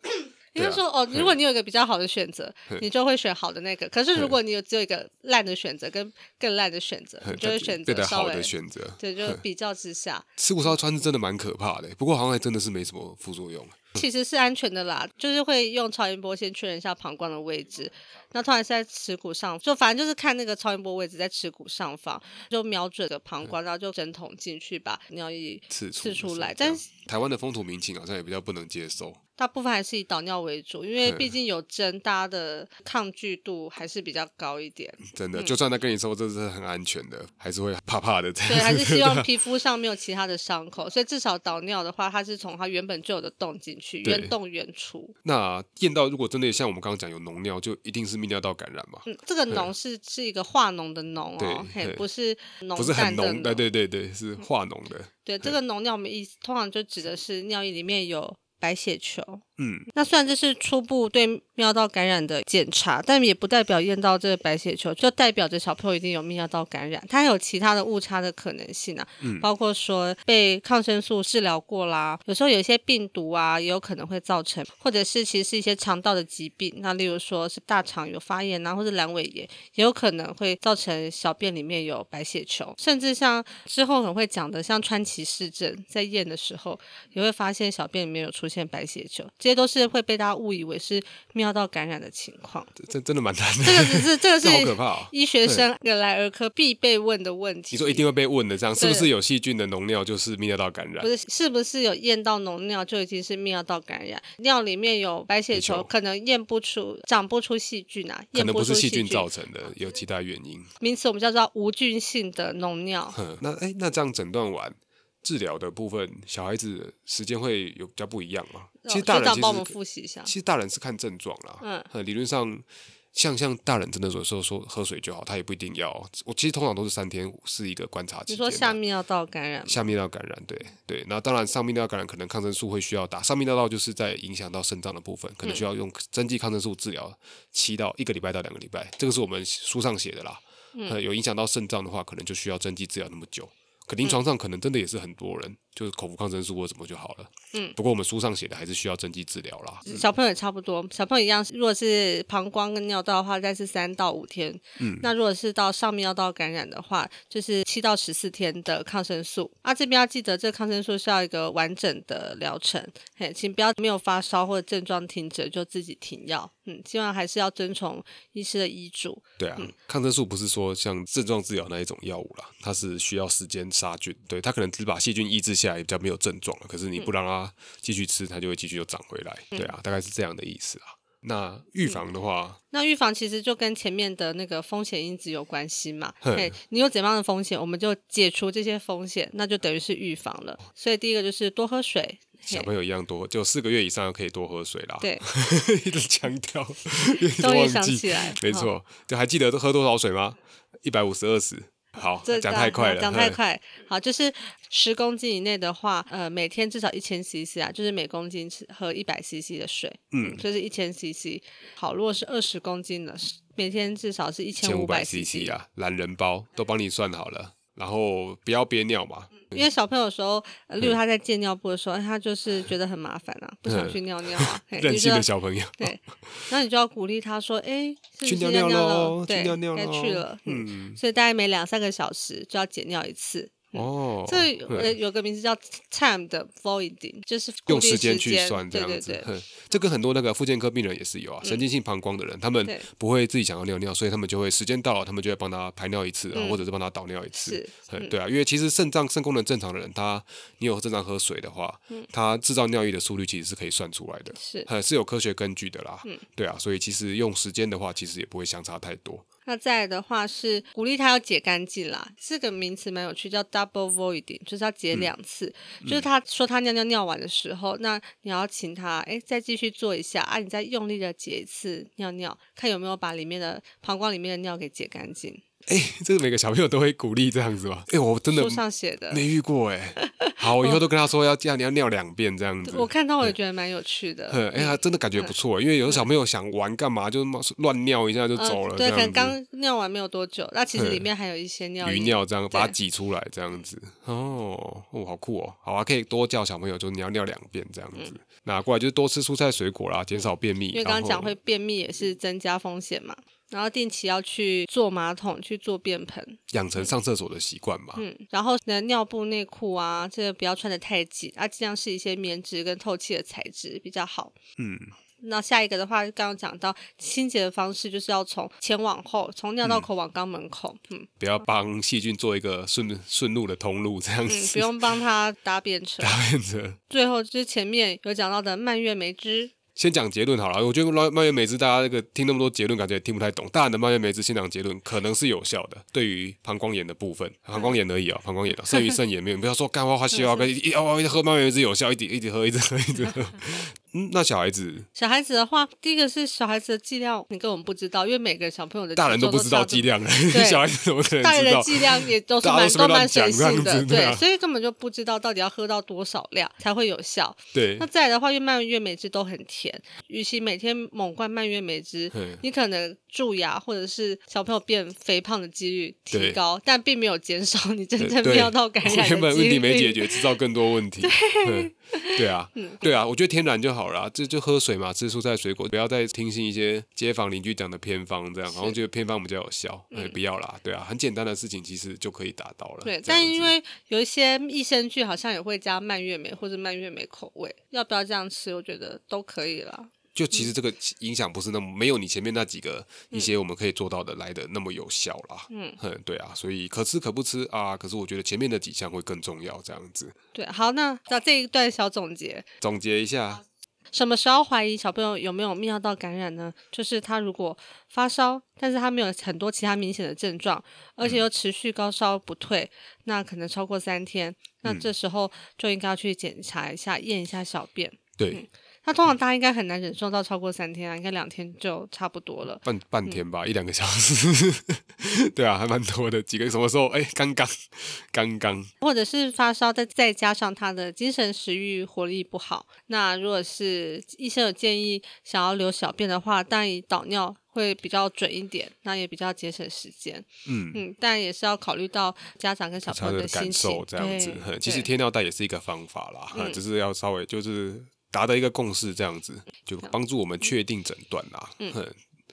[SPEAKER 2] 因為說，
[SPEAKER 1] 啊、哦，如果你有一個比較好的選擇，你就會選好的那個。可是如果你有只有一個爛的選擇跟更爛的選擇，你就會選擇稍微的好的選擇。對，就比較之下，
[SPEAKER 2] 恥骨上穿刺真的蠻可怕的。不過好像還真的是沒什麼副作用。其
[SPEAKER 1] 實是安全的啦，就是會用超音波先確認一下膀胱的位置。那突然是在恥骨上，就反正就是看那個超音波位置在恥骨上方，就瞄準的膀胱，然後就針筒進去把尿液
[SPEAKER 2] 刺刺出來。出是但台灣的風土民情好像也比較不能接受，
[SPEAKER 1] 大部分還是以導尿為主，因為畢竟有針，大家的抗拒度還是比較高一點。嗯、
[SPEAKER 2] 真的，嗯、就算他跟你說這是很安全的，還是會怕怕的、的。對，還是希望皮
[SPEAKER 1] 膚上沒有其他的傷口， 所以至少導尿的話，它是從它原本就有的洞進去，原洞原出。
[SPEAKER 2] 那驗到如果真的像我們剛剛講有膿尿，就一定是。泌尿道感染吧，嗯，
[SPEAKER 1] 這個膿是是一個化膿的膿哦，嘿，不是濃，不是很濃，對
[SPEAKER 2] 對對對，是化膿的，嗯。
[SPEAKER 1] 對，這個膿尿我們意思通常就指的是尿液裡面有白血球。嗯，那雖然這是初步對尿道感染的檢查，但也不代表驗到這個白血球就代表着小朋友一定有泌尿道感染，它還有其他的誤差的可能性啊、嗯，包括說被抗生素治療過啦，有時候有一些病毒啊也有可能會造成，或者是其實是一些腸道的疾病，那例如說是大腸有發炎啊，或者是闌尾炎，也有可能會造成小便裡面有白血球，甚至像之後很會講的像川崎氏症在驗的時候也會發現小便裡面有出現白血球。這些都是會被大家誤以為是尿道感染的情況，
[SPEAKER 2] 這真的蠻難的。這個只是這個是 這好可怕、啊、醫學生
[SPEAKER 1] 原來兒科必被問的問題。你說一定
[SPEAKER 2] 會被問的，這樣是不是有細菌的膿尿就是泌尿道感染？不是，
[SPEAKER 1] 是不是有驗到膿尿就已經是泌尿道感染？尿裡面有白血球，可能驗不出長不出細菌啊，驗細菌，可能不是細菌造
[SPEAKER 2] 成的，有其他原因。
[SPEAKER 1] 名詞我們叫做無菌性的膿尿。
[SPEAKER 2] 那哎、欸，那這樣診斷完。治療的部分，小孩子時間會有比較不一樣嘛？其實大人其實、哦、幫我們複習一下，其實大人是看症狀啦。嗯，理論上像像大人真的說說喝水就好，他也不一定要。我其實通常都是三天是一個觀察期。你說下
[SPEAKER 1] 面尿道感染？
[SPEAKER 2] 下面尿感染，對對。那當然上面尿感染，可能抗生素會需要打。上面尿道就是在影響到腎臟的部分，可能需要用針劑抗生素治療七到、嗯、一個禮拜到兩個禮拜。這個是我們書上寫的啦。嗯，嗯有影響到腎臟的話，可能就需要針劑治療那麼久。可能床上可能真的也是很多人，嗯、就是口服抗生素或什麼就好了。嗯，不過我們書上寫的還是需要針劑治療啦。
[SPEAKER 1] 小朋友也差不多，小朋友一樣，如果是膀胱跟尿道的話，再是三到五天。嗯，那如果是到上面尿道感染的話，就是七到十四天的抗生素。啊，這邊要記得，這個抗生素需要一個完整的療程。嘿，請不要沒有發燒或者症狀停止就自己停藥。嗯，希望還是要遵從醫師的醫囑。
[SPEAKER 2] 對啊、嗯，抗生素不是說像症狀治療那一種藥物啦，它是需要時間。殺菌，對他可能只把細菌抑制下來，也比較沒有症狀了。可是你不讓他繼續吃，他、嗯、就會繼續又長回來、嗯。對啊，大概是這樣的意思啊。那預防的話，嗯、
[SPEAKER 1] 那預防其實就跟前面的那個風險因子有關係嘛。對，你有怎樣的風險，我們就解除這些風險，那就等於是預防了。所以第一個就是多喝水，小朋
[SPEAKER 2] 友一樣多，就四個月以上可以多喝水啦。對，一 直強調，終於想, 想起來，沒錯。就還記得都喝多少水嗎？一百五十二十。好，這講太快了，嗯、講太快。
[SPEAKER 1] 好，就是十公斤以內的話，呃，每天至少一千 CC 啊，就是每公斤吃喝一百 CC 的水，嗯，就是一千 CC。好，如果是二十公斤的，每天至少是一千五百 CC
[SPEAKER 2] 啊，懶人包都幫你算好了。然後不要憋尿嘛，嗯、
[SPEAKER 1] 因為小朋友的時候，例如他在戒尿布的時候、嗯，他就是覺得很麻煩啊，不想去尿尿、啊。認、嗯、一 的小朋友。對，那你就要鼓勵他說：“哎、欸是是，去尿尿嘍，對，該去了。”嗯，所以大概每兩三個小時就要解尿一次。
[SPEAKER 2] 哦，這、嗯呃、有
[SPEAKER 1] 個名字叫 timed voiding 就是時用時間去算這樣子，這，
[SPEAKER 2] 對對對、嗯。這跟很多那個復健科病人也是有啊、嗯，神經性膀胱的人，他們不會自己想要尿尿，所以他們就會時間到了，他們就會幫他排尿一次，嗯、或者是幫他導尿一次。嗯、對啊、嗯，因為其實腎臟腎功能正常的人，他你有正常喝水的話、嗯，他製造尿液的速率其實是可以算出來的，是，嗯、是有科學根據的啦、嗯。對啊，所以其實用時間的話，其實也不會相差太多。
[SPEAKER 1] 那再來的話是鼓勵他要解乾淨啦，這個名詞蠻有趣，叫 double voiding，就是要解兩次，嗯。就是他說他尿尿尿完的時候，那你要請他，誒，再繼續做一下，啊，你再用力的解一次尿尿，看有沒有把裡面的，膀胱裡面的尿給解乾淨。
[SPEAKER 2] 哎、欸，這個每個小朋友都會鼓勵這樣子吧？哎、欸，我真的書上寫的沒遇過哎、欸。好，我以後都跟他說要叫你 要尿兩遍這樣子。我
[SPEAKER 1] 看到我也覺得蠻有趣的。對、嗯，哎、嗯，他、嗯嗯嗯欸
[SPEAKER 2] 啊、真的感覺不錯、欸，因為有的小朋友想玩幹嘛就亂尿一下就走了、嗯呃。對，可能剛
[SPEAKER 1] 尿完沒有多久，那其實裡面還有一些尿、嗯。餘
[SPEAKER 2] 尿這樣把它擠出來這樣子。哦，哦，好酷哦！好啊，可以多叫小朋友就你要尿兩遍這樣子。嗯、拿過來就是多吃蔬菜水果啦，減少便秘。因為剛剛講會
[SPEAKER 1] 便秘也是增加風險嘛。然後定期要去坐馬桶，去坐便盆，
[SPEAKER 2] 養成上廁所的習慣嘛。
[SPEAKER 1] 嗯，然後呢，尿布、內褲啊，這個不要穿得太緊啊，盡量是一些棉質跟透氣的材質比較好。嗯，那下一個的話，剛剛講到清潔的方式，就是要從前往後，從尿道口往肛門口。嗯，嗯，
[SPEAKER 2] 不要幫細菌做一個順順路的通路這樣子。嗯，不用
[SPEAKER 1] 幫它搭便車。搭便車。最後就是前面有講到的蔓越莓汁。
[SPEAKER 2] 先講結論好了，我覺得蔓蔓越莓汁大家這個聽那麼多結論，感覺也聽不太懂。當然的蔓越莓汁，蔓越莓汁先講結論可能是有效的，對於膀胱炎的部分，膀胱炎而已啊、哦，膀胱炎，腎盂腎炎沒有。你不要說干花花西藥，一一哦，一喝蔓越莓汁有效，一直一直喝，一直喝，一直喝。一 嗯，那小孩子，
[SPEAKER 1] 小孩子的話，第一個是小孩子的劑量，你根本不知道，因為每個小朋友的大人都不知道劑
[SPEAKER 2] 量，對小孩子怎麼可能知道？大人的劑量也都是蠻都蠻隨意的，對，所以
[SPEAKER 1] 根本就不知道到底要喝到多少量才會有效。對，那再來的話，越蔓越莓汁，都很甜，與其每天猛灌蔓越莓汁，你可能蛀牙或者是小朋友變肥胖的幾率提高，但並沒有減少你真正要到感染的幾率，欸、原根本問題沒解決，製造
[SPEAKER 2] 更多問題。對，對啊，對啊，我覺得天然就好。好啦，這就，就喝水嘛，吃蔬菜水果，不要再聽信一些街坊鄰居講的偏方這樣，然後覺得偏方比較有效，哎、嗯嗯，不要啦，對啊，很簡單的事情其實就可以達到了。對，
[SPEAKER 1] 但因為有一些益生菌好像也會加蔓越莓或者蔓越莓口味，要不要這樣吃？我覺得都可以啦。
[SPEAKER 2] 就其實這個影響不是那麼沒有你前面那幾個一些我們可以做到的來的那麼有效啦。嗯，哼、嗯，對啊，所以可吃可不吃啊。可是我覺得前面的幾項會更重要，這樣子。
[SPEAKER 1] 對，好，那那這一段小總結，
[SPEAKER 2] 總結一下。
[SPEAKER 1] 什麼時候懷疑小朋友有沒有泌尿道感染呢？就是他如果發燒，但是他沒有很多其他明顯的症狀，而且又持續高燒不退，嗯、那可能超過三天，那這時候就應該要去檢查一下，嗯、驗一下小便。對。嗯他、啊、通常大家應該很難忍受到超過三天啊，應該兩天就差不多了，
[SPEAKER 2] 半、半天吧，嗯、一兩個小時， 對啊，還蠻多的。幾個什麼時候？哎、欸，剛剛，剛剛，
[SPEAKER 1] 或者是發燒，再再加上他的精神、食慾、活力不好。那如果是醫生有建議想要留小便的話，但導尿會比較準一點，那也比較節省時間。嗯嗯，但也是要考慮到家長跟小朋友的、的感受，這樣子。其實
[SPEAKER 2] 貼尿袋也是一個方法啦，嗯嗯、只是要稍微就是。達到一個共識，這樣子就幫助我們確定診斷啦。嗯，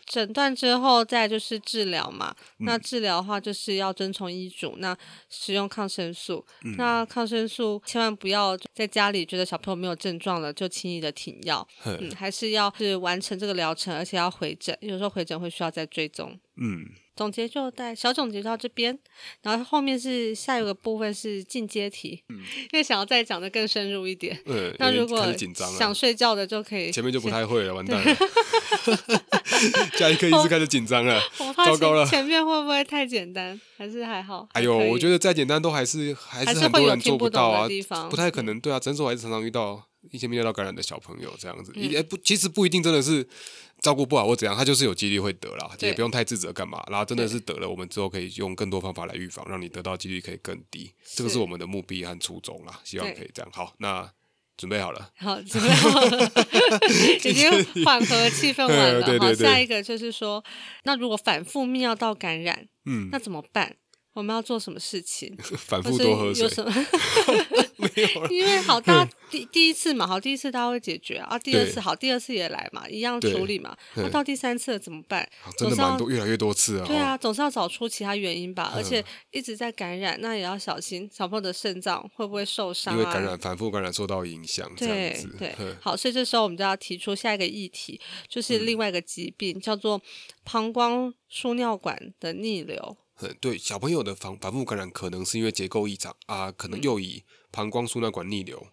[SPEAKER 1] 診、嗯、斷之後再就是治療嘛、嗯。那治療的話，就是要遵從醫囑，那使用抗生素、嗯。那抗生素千萬不要在家裡覺得小朋友沒有症狀了就輕易的停藥、嗯。嗯，還是要是完成這個療程，而且要回診。有時候回診會需要再追蹤。嗯。總結就在小總結到這邊，然後後面是下一個部分是進階題、嗯，因為想要再講得更深入一點。嗯，
[SPEAKER 2] 那如果想
[SPEAKER 1] 睡覺的就可以、嗯。前面就不太會了，完蛋
[SPEAKER 2] 了。下 一刻也是開始緊張了。糟糕了，前
[SPEAKER 1] 面會不會太簡單？還是還好？
[SPEAKER 2] 哎呦，我覺得再簡單都還是還是很多人做不到啊，不，的地方不太可能。對啊，診所還是常常遇到一些泌尿道感染的小朋友這樣子，也、嗯欸、不其實不一定真的是。照顧不好或怎樣，他就是有幾率會得啦，也不用太自責幹嘛。然後真的是得了，我們之後可以用更多方法來預防，讓你得到幾率可以更低。這個是我們的目的和初衷啦，希望可以這樣。好，那準備好了，好，準備好了， 已經緩和氣氛完了。好， 下一
[SPEAKER 1] 個就是說，那如果反復泌尿道感染，嗯，那怎麼辦？我們要做什麼事情？ 反覆多喝水，有什麼？ 沒有了 因為好大第第一次嘛， 好第一次大家會解決啊。啊第二次好，第二次也來嘛，一樣處理嘛。那、啊、到第三次了怎麼辦？真的蠻多，越
[SPEAKER 2] 來越多次啊。哦、對啊，
[SPEAKER 1] 總是要找出其他原因吧。哦、而且一直在感染，那也要小心，小朋友的腎臟會不會受傷、啊？因為感染
[SPEAKER 2] 反覆感染受到影響這樣子。對對。好，
[SPEAKER 1] 所以這時候我們就要提出下一個議題，就是另外一個疾病，嗯、叫做膀胱輸尿管的逆流。
[SPEAKER 2] 嗯、對小朋友的反反覆感染，可能是因為結構異常啊，可能又以膀胱輸尿管逆流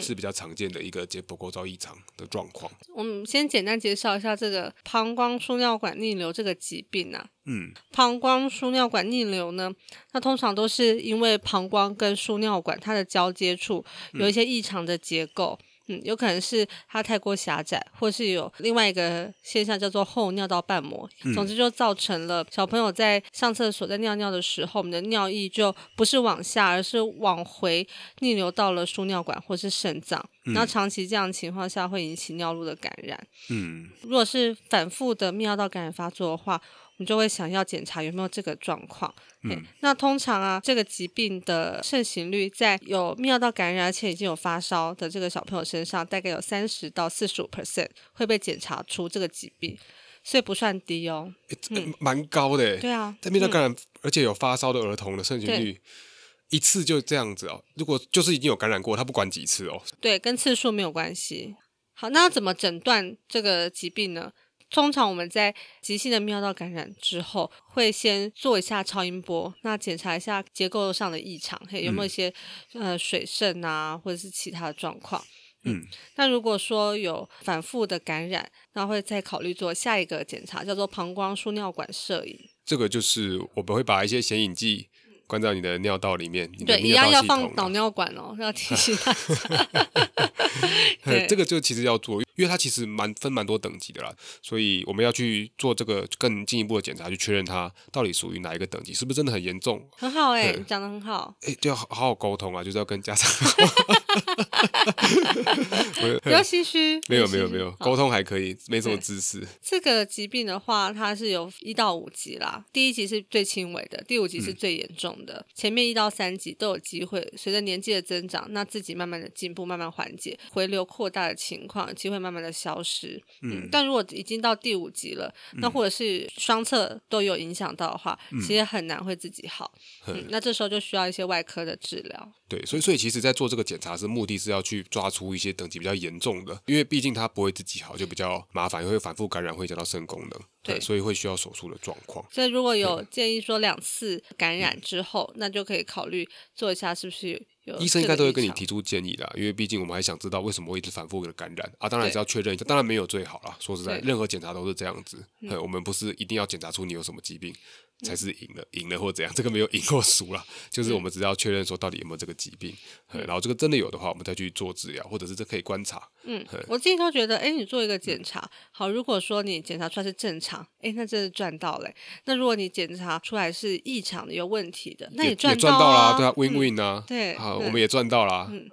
[SPEAKER 2] 是比較常見的一個解剖構造異常的狀況，
[SPEAKER 1] 嗯。我們先簡單介紹一下這個膀胱輸尿管逆流這個疾病啊。嗯，膀胱輸尿管逆流呢，它通常都是因為膀胱跟輸尿管它的交接處有一些異常的結構。嗯嗯，有可能是它太過狹窄，或是有另外一個現象叫做後尿道瓣膜。嗯、總之，就造成了小朋友在上廁所、在尿尿的時候，我們的尿液就不是往下，而是往回逆流到了輸尿管或是腎臟。嗯、然後長期這樣的情況下，會引起尿路的感染。
[SPEAKER 2] 嗯，
[SPEAKER 1] 如果是反覆的泌尿道感染發作的話，你就會想要檢查有沒有這個狀況。嗯、欸,那通常啊，這個疾病的盛行率在有泌尿道感染而且已經有發燒的這個小朋友身上，大概有三十到四十五 percent 會被檢查出這個疾病，所以不算低哦。
[SPEAKER 2] 蠻、嗯、欸欸、高的。對啊，在泌尿道感染、嗯、而且有發燒的兒童的盛行率，一次就這樣子哦。如果就是已經有感染過，他不管幾次哦。
[SPEAKER 1] 對，跟次數沒有關係。好，那要怎麼診斷這個疾病呢？通常我們在急性的尿道感染之後，會先做一下超音波，那檢查一下結構上的異常，還有沒有一些、嗯、呃水腎啊，或者是其他的狀況
[SPEAKER 2] 嗯。嗯，
[SPEAKER 1] 那如果說有反覆的感染，那會再考慮做下一個檢查，叫做膀胱輸尿管攝影。
[SPEAKER 2] 這個就是我們會把一些顯影劑。關在你的尿道裡面道、啊，對，一樣要放導
[SPEAKER 1] 尿管哦，要提醒他
[SPEAKER 2] 對、 嗯，這個就其實要做，因為它其實蠻分蠻多等級的啦，所以我們要去做這個更進一步的檢查，去確認它到底屬於哪一個等級，是不是真的很嚴重？
[SPEAKER 1] 很好哎、欸，講、嗯、得很好。
[SPEAKER 2] 哎、欸，就要好好溝通啊，就是要跟家長。
[SPEAKER 1] 哈， 不要唏噓，沒有沒有沒有，溝通
[SPEAKER 2] 還可以、哦，沒什麼知識。
[SPEAKER 1] 這個疾病的話，它是有一到五級啦，第一級是最輕微的，第五級是最嚴重的。嗯、前面一到三級都有機會，隨着年紀的增長，那自己慢慢的進步，慢慢緩解，回流擴大的情況，機會慢慢的消失嗯。嗯，但如果已經到第五級了，那或者是雙側都有影響到的話、嗯，其實很難會自己好嗯。嗯，那這時候就需要一些外科的治療。
[SPEAKER 2] 對，所以所以其實，在做這個檢查。目的是要去抓出一些等級比較嚴重的，因為畢竟它不會自己好，就比較麻煩，會反覆感染，會影響到腎功能對，對，所以會需要手術的狀況。
[SPEAKER 1] 所以如果有建議說兩次感染之後，那就可以考慮做一下，是不是？醫生應該都會跟你提
[SPEAKER 2] 出建議的、這個，因為畢竟我們還想知道為什麼會一直反覆的感染啊。當然是要確認一下，當然沒有最好了。說實在，任何檢查都是這樣子、嗯。我們不是一定要檢查出你有什麼疾病、嗯、才是贏了，贏了或怎樣，這個沒有贏過輸了、嗯，就是我們只要確認說到底有沒有這個疾病、嗯。然後這個真的有的話，我們再去做治療，或者是這可以觀察。嗯，我
[SPEAKER 1] 自己都覺得，哎、欸，你做一個檢查、嗯，好，如果說你檢查出來是正常，哎、欸，那這是賺到嘞、欸。那如果你檢查出來是異常的、有問題的，那你賺到、啊、到啦，對啊，win win 啊，嗯、啊，對，好、啊。我們也賺到了、
[SPEAKER 2] 啊，嗯，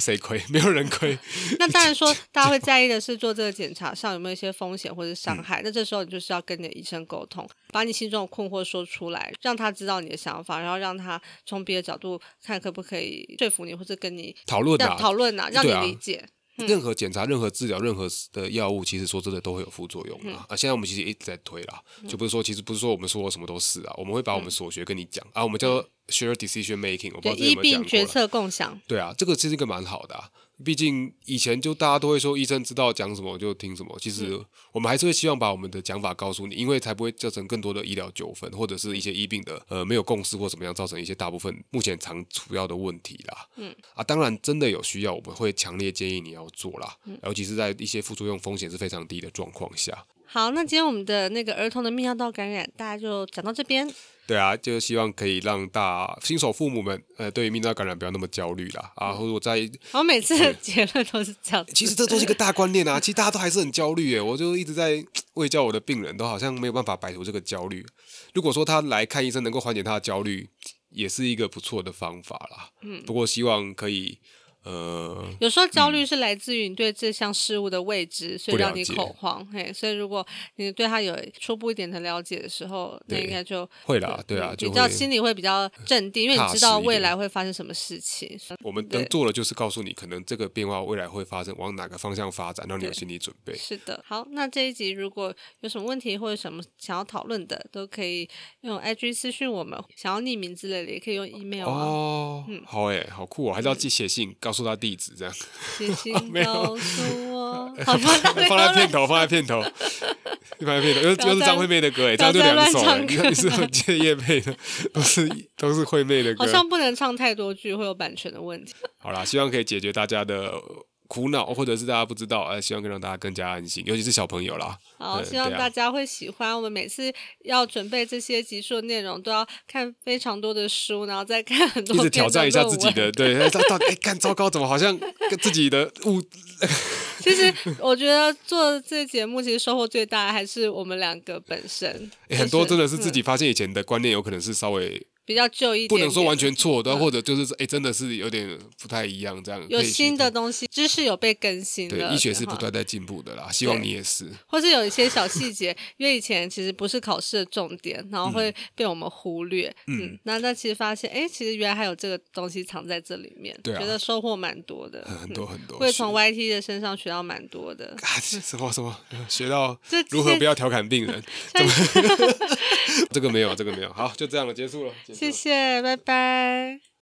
[SPEAKER 2] 誰 虧？沒有人虧。
[SPEAKER 1] 那當然說，大家會在意的是做這個檢查像 有沒有一些風險或者傷害、嗯。那這時候，你就是要跟你的醫生溝通，把你心中的困惑說出來，讓他知道你的想法，然後讓他從別的角度看，看可不可以說服你，或者跟你討論討論啊，讓你理解。任
[SPEAKER 2] 何檢查、任何治療、任何的藥物，其實說真的都會有副作用啊，嗯、啊現在我們其實一直在推啦、嗯，就不是說，其實不是說我們說什麼都是啊，我們會把我們所學跟你講、嗯、啊。我們叫做 shared decision making，我不知道有沒有講過。對，醫
[SPEAKER 1] 病決策共享。
[SPEAKER 2] 對啊，這個其實一個蠻好的、啊。畢竟以前就大家都會說醫生知道講什麼就聽什麼，其實我們還是會希望把我們的講法告訴你，因為才不會造成更多的醫療糾紛或者是一些醫病的呃，沒有共識或怎麼樣，造成一些大部分目前常主要的問題啦。嗯啊，當然真的有需要，我們會強烈建議你要做啦，尤其是在一些副作用風險是非常低的狀況下。
[SPEAKER 1] 好，那今天我們的那個兒童的泌尿道感染，大家就講到這邊。
[SPEAKER 2] 對啊，就希望可以讓大新手父母們，呃，對於泌尿感染不要那麼焦慮啦。啊，或者我在，我每次結論
[SPEAKER 1] 都是這樣，嗯。其實這都是一個
[SPEAKER 2] 大觀念啊， 其實大家都還是很焦慮誒。我就一直在衛教我的病人，都好像沒有辦法擺脫這個焦慮。如果說他來看醫生能夠緩解他的焦慮，也是一個不錯的方法啦。嗯，不過希望可以。呃，有時
[SPEAKER 1] 候焦慮是來自於你對這項事物的未知，嗯、所以讓你恐慌。嘿，所以如果你對它有初步一點的了解的時候，那應該就會，
[SPEAKER 2] 會啦，對啊，就比較心裡
[SPEAKER 1] 會比較鎮定，因為你知道未來會發生什麼事情。我們能做
[SPEAKER 2] 的就是告訴你，可能這個變化未來會發生，往哪個方向發展，讓你有心理準備。
[SPEAKER 1] 是的，好，那這一集如果有什麼問題或者什麼想要討論的，都可以用 IG 私訊我們，想要匿名之類的也可以用 email、啊、哦。嗯，
[SPEAKER 2] 好哎、欸，好酷哦、喔，還是要寄寫信。告訴他地址這樣， 好沒好，放在片頭， 放在片頭，放在片頭，又是張惠妹的歌哎，這樣就兩首了。又 是借葉蓓的，都是都是惠妹的歌，好像
[SPEAKER 1] 不能唱太多句，會有版權的問題。
[SPEAKER 2] 好啦，希望可以解決大家的。苦惱，或者是大家不知道，呃，希望可以讓大家更加安心，尤其是小朋友啦。好、嗯啊，希望大
[SPEAKER 1] 家會喜歡。我們每次要準備這些集數的內容，都要看非常多的書，然後再看很多。一直挑戰一下自己的，
[SPEAKER 2] 對，到到哎，欸、糟糕，怎麼好像跟自己的誤？
[SPEAKER 1] 其實我覺得做的這節目，其實收穫最大的還是我們兩個本身。就是欸、很多真的是自己
[SPEAKER 2] 發現以前的觀念，嗯、有可能是稍微。
[SPEAKER 1] 比較舊一點，點，不能說完
[SPEAKER 2] 全錯的，啊，或者就是哎、欸，真的是有點不太一樣，這樣有新
[SPEAKER 1] 的東西，知識有被更新的對，對，醫學是不斷
[SPEAKER 2] 在進步的啦，希望你也是。
[SPEAKER 1] 或是有一些小細節， 因為以前其實不是考試的重點，然後會被我們忽略。嗯，嗯嗯，那那其實發現，哎、欸，其實原來還有這個東西藏在這裡面，對啊，覺得收穫蠻多的，嗯，很多很多，會從 YT 的身上學到蠻多的。
[SPEAKER 2] 什麼什麼學到如何不要調侃病人？ 怎麼 這個沒有，這個沒有。好，就這樣了，結束了。
[SPEAKER 1] 謝謝，拜拜。